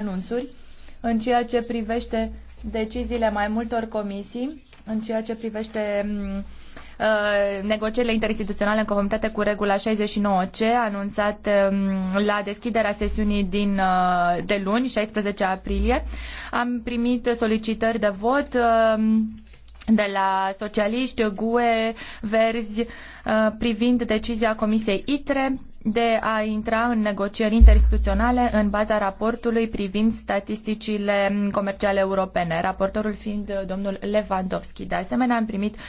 anunțuri în ceea ce privește deciziile mai multor comisii, în ceea ce privește mm, uh, negocierile interinstituționale în conformitate cu regula 69C, anunțat mm, la deschiderea sesiunii din, uh, de luni, 16 aprilie. Am primit solicitări de vot mm, de la socialiști, GUE, Verzi, uh, privind decizia Comisiei ITRE de a intra în negocieri interinstituționale în baza raportului privind statisticile comerciale europene, raportorul fiind domnul Lewandowski. De asemenea, am primit